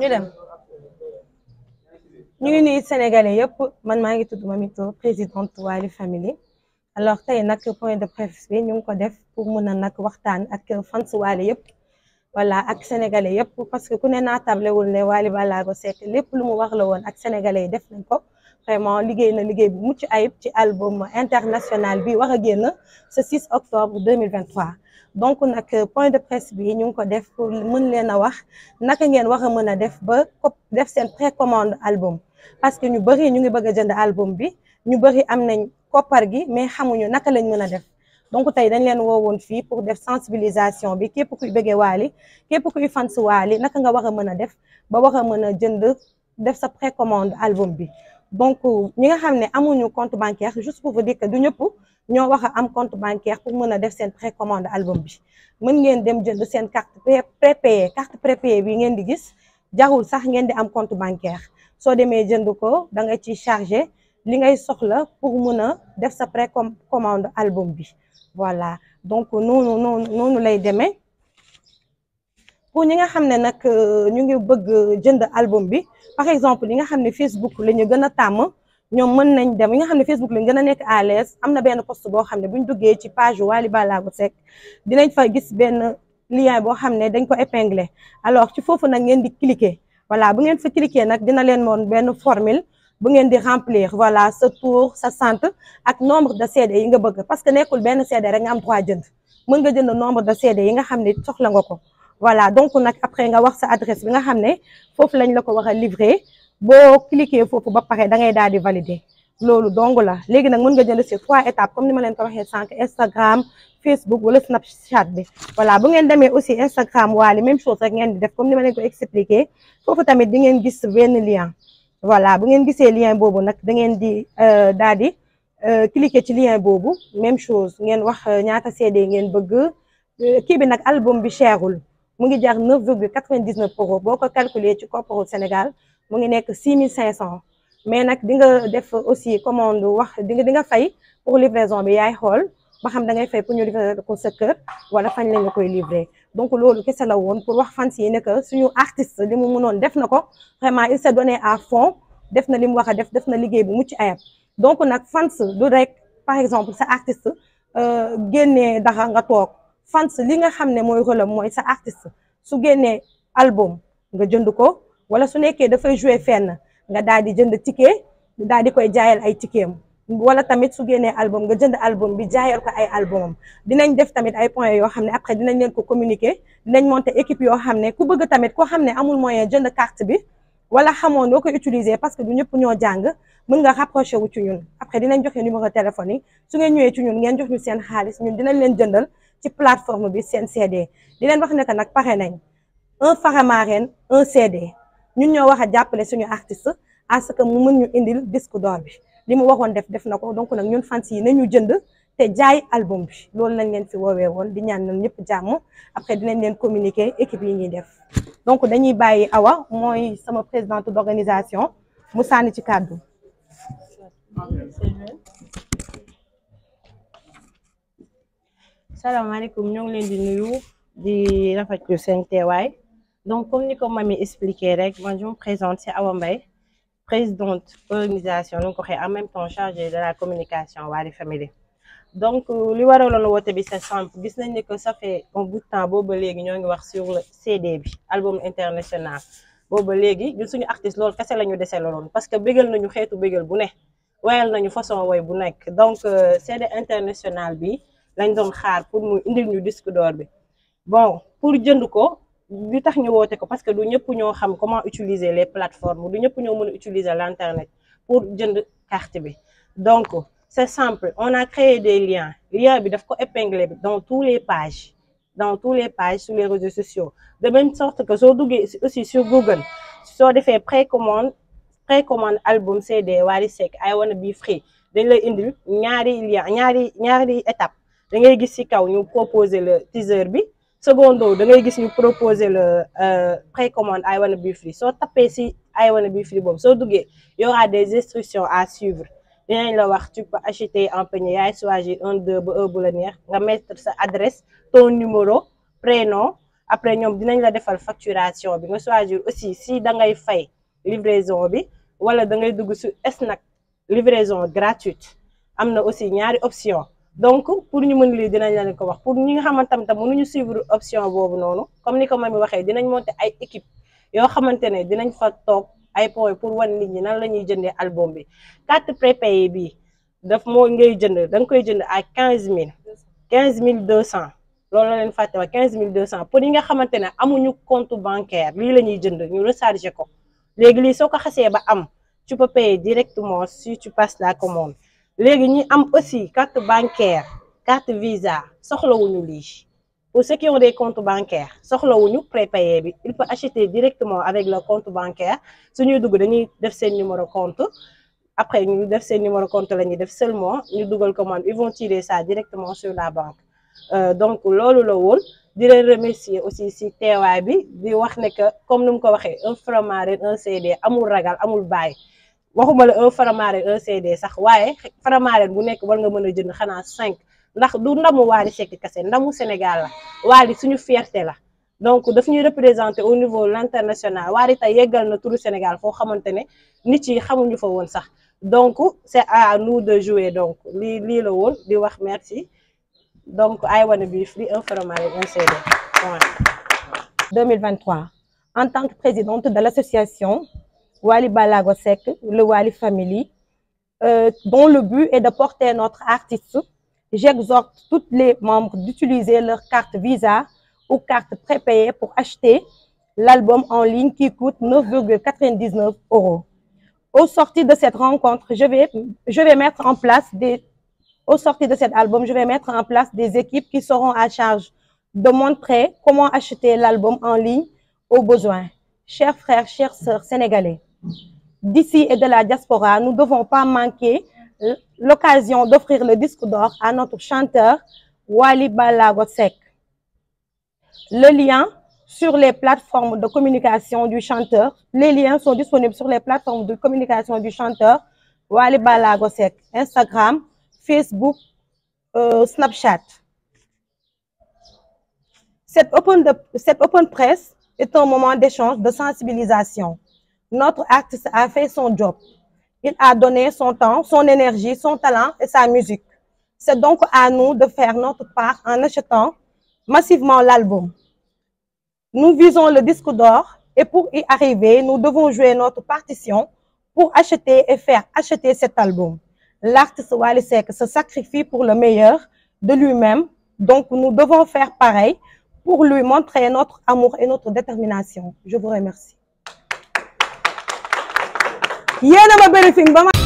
ñu dem ñu ngi nuyu sénégalais yëpp man maa ngi tudd Mamy Tho présidente Wally Family alors tey nag point de presse ñu ngi ko def pour mun a nag waxtaan ak fans Wally yëpp wala ak sénégalais yëpp parce que ku ne naataable wul ne Wally Ballago Seck lépp lu mu wax la woon ak sénégalais yi def nañ ko. vraiment liggéey na liggéey bu mucc ayib ci album international bi war a génn ce 6 octobre 2023 donc nag euh, point de presse bi ñu ngi ko def pour mën leen a wax naka ngeen wax a mën a def ba def seen commande album parce que ñu bëri ñu ngi bëgg a jënd album bi ñu bëri am nañ koppar gi mais xamuñu naka lañ mën a def donc tey dañ leen woowoon fii pour def sensibilisation bi képp kuy bëggee waali képp kuy fans waali naka nga war a mën a def ba wax a mën a jënd def sa précommande bi donc ñi nga xam ne amuñu compte bancaire juste pour vous dire que du ñëpp ñoo wax a am compte bancaire pour mën a def seen précommande album bi mën ngeen dem jënd seen carte prépayée carte prépayée bi ngeen di gis jarul sax ngeen di am compte bancaire soo demee jënd ko da nga ciy chargé li ngay soxla pour mën a def sa commande album bi voilà donc noonu noonu noonu lay demee pour ñi nga xam ne nag euh, ñu ngi bëgg jënd album bi par exemple ñi nga xam ne Facebook la ñu gën a tàmm ñoom mën nañ dem ñi nga xam ne Facebook la ñu gën a nekk à l'aise am na benn post boo xam ne bu ñu duggee ci page Wally Ballago Seck dinañ fa gis benn lien boo xam ne dañ ko épinglé alors ci foofu nag ngeen di cliquer wala bu ngeen fa cliquer nag dina leen moon benn formile bu ngeen di remplir wala sa tour sa sant ak nombre de CD yi nga bëgg parce que nekkul benn CD rek nga am droit jënd mën nga jënd nombre de CD yi nga xam ne soxla nga ko voilà donc nag après nga wax sa adresse bi nga xam ne foofu lañ la ko war a livrer boo cliquer foofu ba pare da ngay daal di valider loolu dong la léegi nag mën nga jënd ci trois étapes comme ni ma leen ko waxee sànq Instagram Facebook wala Snapchat bi voilà bu ngeen demee aussi Instagram waali même chose rek ngeen di def comme ni ma leen ko expliqué foofu tamit di ngeen gis benn lien voilà bu ngeen gisee lien boobu nag da ngeen di euh, daal di euh, cliquer ci lien boobu même chose ngeen wax euh, ñaata CD ngeen bëgg kii bi nag album bi cherul mu ngi jar 9 virgule 99 euros boo ko calculer ci kopparu Sénégal mu ngi nekk 6500 mais nag di nga def aussi commande wax di nga di nga fay pour livraison bi yaay xool ba xam da ngay fay pour ñu livrer ko sa kër wala fañ la nga koy livrer donc loolu kese la woon pour wax fans yi ne que suñu artiste li mu mënoon def na ko vraiment il s'est donné à fond def na li mu war a def def na liggéey bu mucc ayab donc nag fans du rek par exemple sa artiste euh, génnee dara nga toog. fans li nga xam ne mooy rôle mooy sa artiste su génnee album nga jënd ko wala su nekkee dafay jouer fenn nga daal di jënd ticket daal di koy jaayal ay ticketam wala tamit su génnee album nga jënd album bi jaayal ko ay albumam nañ def tamit ay points yoo xam ne après dinañ leen ko communiquer nañ monter équipe yoo xam ne ku bëgg tamit koo xam ne amul moyen jënd carte bi wala xamoo noo ko utiliser parce que du ñëpp ñoo jàng mun nga rapproché wu ci ñun après dinañ joxe numéro téléphone yi su ngeen ñëwee ci ñun ngeen jox ñu seen dinañ leen jëndal ci plateforme bi seen CD di leen wax ne que nag pare nañ un Faramareen un CD ñun ñoo wax a jàppale suñu artiste à ce que mu mën ñu indil disque d'or bi li mu waxoon def def na ko donc nag ñun fans yi nañu jënd te jaay album bi loolu lañ leen fi woowee woon di ñaan ñëpp jàmm après dinañ leen communiquer équipe yi ñuy def donc dañuy bàyyi Awa mooy sama présidente d'organisation mu sànni ci kàddu salaamaaleykum ñoo ngi leen di nuyu di rafetlu seen teewaay donc comme ni ko mami expliqué rek man je me présente c'est Awa Mbaye présidente organisation nu ko waxee en même temps chargée de la communication Wally Family donc li waraloon woote bi c'est simple gis nañ ne que ça fait un bout de temps léegi ñoo ngi wax sur le CD bi album international booba léegi ñun suñu artiste loolu kese la ñu dese looloon parce que bégal nañu xeetu bégal bu ne wayal nañu façon woy bu nekk donc euh, CD international bi lañ doon xaar pour mu indil ñu disque door bi bon pour jënd ko li tax ñu woote ko parce que du ñëpp ñoo xam comment utiliser les plateformes du ñëpp ñoo mën a utiliser l'internet pour jënd carte bi donc c'est simple on a créé des liens lien bi daf ko épingler dans tous les pages dans tous les pages sur les réseaux sociaux de même sorte que soo duggee aussi sur Google soo defee précommande précommande album CD Wally Seck ay wanna be free dañ lay indil ñaari lien ñaari ñaari étape da ngay gis ci kaw ñu proposer le tiseur bi secondo da ngay gis ñu proposer le euh, précommande I wanna be free soo tapee ci I wanna be free boom soo duggee yow aura des instructions à suivre dinañ la wax ci peux acheter en panier yaay choisir un deux ba heure bu la neex nga mettre sa adresse ton numéro prénom après ñoom dinañ la defal facturation bi nga choisir aussi si da ngay fay livraison bi wala da ngay dugg su nag livraison gratuite am na aussi ñaari option donc pour ñu mën lii dinañ leen ko wax pour ñi nga xamante ne tam mënuñu suivre option boobu noonu comme ni ko man mami waxee dinañ monter ay équipe yoo xamante ne dinañ fa toog ay point pour wan nit ñi nan la ñuy jëndee album bi carte prépayée bii daf moo ngay jënd da nga koy jënd ay quinze mille quinze mille deux cent loolu leen fàtte wax quinze deux cent pour ñi nga xamante ne amuñu compte bancaire lii la ñuy jënd ñu recharger ko léegi lii soo ko xasee ba am tu peux directement si tu passes la commande léegi ñi am aussi carte bancaire carte visa soxlawuñu lii pour ceux qui ont des comptes bancaires soxlawuñu prépayé bi il peut acheter directement avec le compte bancaire suñuy dugg dañuy def seen numéro compte après ñu def seen numéro compte la ñuy def seulement ñu dugal commande ils vont tirer ça directement sur la banque euh, donc loolu la woon di leen remercier aussi si teewaay bi di wax ne que comme nu mu ko waxee un fromarin un CD amul ragal amul bàyyi waxuma la un faramaare un CD sax waaye faramaare bu nekk war nga mën a jënd xanaa cinq ndax du ndamu Wally Seck kese ndamu Sénégal la Wally suñu fierté la donc daf ñuy représenter au niveau international Wally tey yeggal na turu Sénégal foo xamante ne nit yi xamuñu fa woon sax donc c'est à nous de jouer donc li lii la woon di wax merci donc I wanna bi free un faramaare un CD 2023 en tant que présidente de l'association Wally Ballago Seck le Wally Family euh, dont le but est de porter notre artiste j'exhorte tous les membres d'utiliser leur carte Visa ou carte prépayée pour acheter l'album en ligne qui coûte 9,99 euros au sorti de cette rencontre je vais mettre en place des au sorti de cet album je vais en place des équipes qui seront à charge de montrer comment acheter l'album en ligne au besoin chers frères chères sœurs sénégalais D'ici et de la diaspora, nous ne devons pas manquer l'occasion d'offrir le disque d'or à notre chanteur Wali Le lien sur les plateformes de communication du chanteur, les liens sont disponibles sur les plateformes de communication du chanteur Wali Balagosek, Instagram, Facebook, euh, Snapchat. Cette open, de, cette open press est un moment d'échange, de sensibilisation. Notre artiste a fait son job. Il a donné son temps, son énergie, son talent et sa musique. C'est donc à nous de faire notre part en achetant massivement l'album. Nous visons le disque d'or et pour y arriver, nous devons jouer notre partition pour acheter et faire acheter cet album. L'artiste Wally Seck se sacrifie pour le meilleur de lui-même, donc nous devons faire pareil pour lui montrer notre amour et notre détermination. Je vous remercie. yéen a ma béréfin ba ma